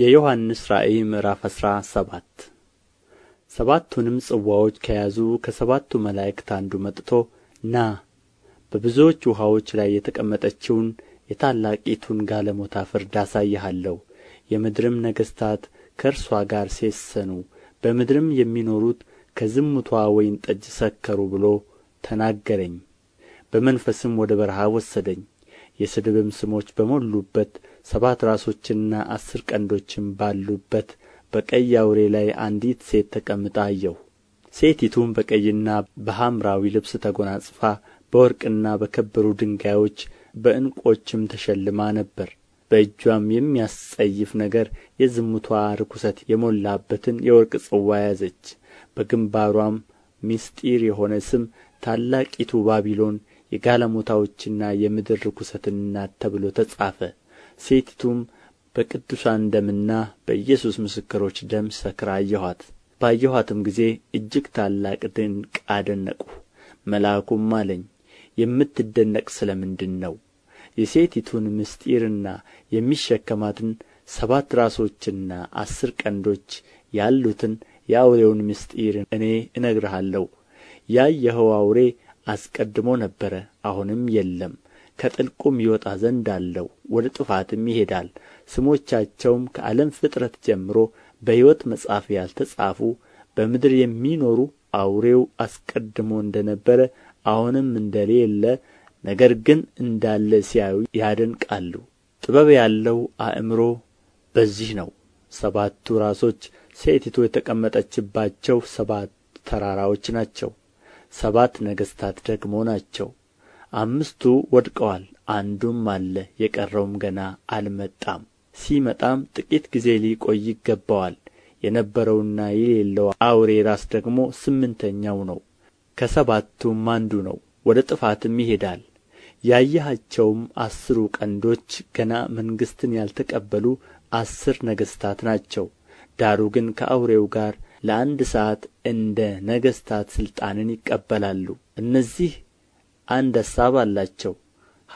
የዮሐንስ ራእይ ምዕራፍ አስራ ሰባት ሰባቱንም ጽዋዎች ከያዙ ከሰባቱ መላእክት አንዱ መጥቶ ና በብዙዎች ውኃዎች ላይ የተቀመጠችውን የታላቂቱን ጋለሞታ ፍርድ አሳይሃለሁ የምድርም ነገሥታት ከእርሷ ጋር ሴሰኑ በምድርም የሚኖሩት ከዝሙቷ ወይን ጠጅ ሰከሩ ብሎ ተናገረኝ በመንፈስም ወደ በረሃ ወሰደኝ የስድብም ስሞች በሞሉበት ሰባት ራሶችና አስር ቀንዶችም ባሉበት በቀይ አውሬ ላይ አንዲት ሴት ተቀምጣ አየሁ ሴቲቱም በቀይና በሐምራዊ ልብስ ተጎናጽፋ፣ በወርቅና በከበሩ ድንጋዮች በዕንቆችም ተሸልማ ነበር በእጇም የሚያስጸይፍ ነገር የዝሙቷ ርኵሰት የሞላበትን የወርቅ ጽዋ ያዘች በግንባሯም ምስጢር የሆነ ስም ታላቂቱ ባቢሎን የጋለሞታዎችና የምድር ርኵሰት እናት ተብሎ ተጻፈ ሴቲቱም በቅዱሳን ደምና በኢየሱስ ምስክሮች ደም ሰክራ አየኋት ባየኋትም ጊዜ እጅግ ታላቅ ድንቅ አደነቁ። መልአኩም አለኝ የምትደነቅ ስለ ምንድን ነው የሴቲቱን ምስጢርና የሚሸከማትን ሰባት ራሶችና አስር ቀንዶች ያሉትን የአውሬውን ምስጢር እኔ እነግርሃለሁ ያየኸው አውሬ አስቀድሞ ነበረ አሁንም የለም ከጥልቁም ይወጣ ዘንድ አለው ወደ ጥፋትም ይሄዳል ስሞቻቸውም ከዓለም ፍጥረት ጀምሮ በሕይወት መጽሐፍ ያልተጻፉ በምድር የሚኖሩ አውሬው አስቀድሞ እንደ ነበረ አሁንም እንደሌለ ነገር ግን እንዳለ ሲያዩ ያደንቃሉ ጥበብ ያለው አእምሮ በዚህ ነው ሰባቱ ራሶች ሴቲቱ የተቀመጠችባቸው ሰባት ተራራዎች ናቸው ሰባት ነገሥታት ደግሞ ናቸው አምስቱ ወድቀዋል አንዱም አለ የቀረውም ገና አልመጣም ሲመጣም ጥቂት ጊዜ ሊቆይ ይገባዋል የነበረውና የሌለው አውሬ ራስ ደግሞ ስምንተኛው ነው ከሰባቱም አንዱ ነው ወደ ጥፋትም ይሄዳል ያየሃቸውም አስሩ ቀንዶች ገና መንግሥትን ያልተቀበሉ አስር ነገሥታት ናቸው ዳሩ ግን ከአውሬው ጋር ለአንድ ሰዓት እንደ ነገሥታት ሥልጣንን ይቀበላሉ እነዚህ አንድ አሳብ አላቸው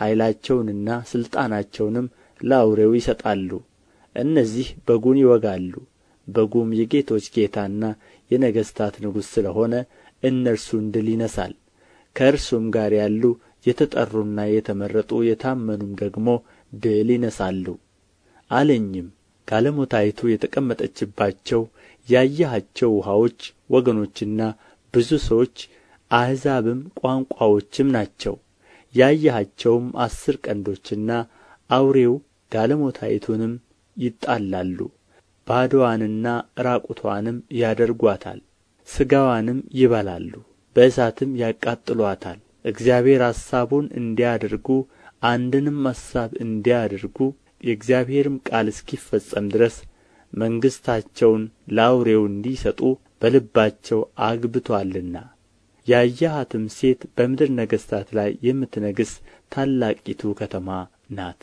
ኃይላቸውንና ሥልጣናቸውንም ለአውሬው ይሰጣሉ እነዚህ በጉን ይወጋሉ በጉም የጌቶች ጌታና የነገሥታት ንጉሥ ስለ ሆነ እነርሱን ድል ይነሣል ከእርሱም ጋር ያሉ የተጠሩና የተመረጡ የታመኑም ደግሞ ድል ይነሣሉ አለኝም ጋለሞታይቱ የተቀመጠችባቸው ያየሃቸው ውኃዎች ወገኖችና ብዙ ሰዎች አሕዛብም ቋንቋዎችም ናቸው ያየሃቸውም አስር ቀንዶችና አውሬው ጋለሞታይቱንም ይጣላሉ ባዶዋንና ራቁቷንም ያደርጓታል ሥጋዋንም ይበላሉ በእሳትም ያቃጥሏታል እግዚአብሔር አሳቡን እንዲያደርጉ አንድንም አሳብ እንዲያደርጉ የእግዚአብሔርም ቃል እስኪፈጸም ድረስ መንግሥታቸውን ለአውሬው እንዲሰጡ በልባቸው አግብቶአልና ያየሃትም ሴት በምድር ነገሥታት ላይ የምትነግሥ ታላቂቱ ከተማ ናት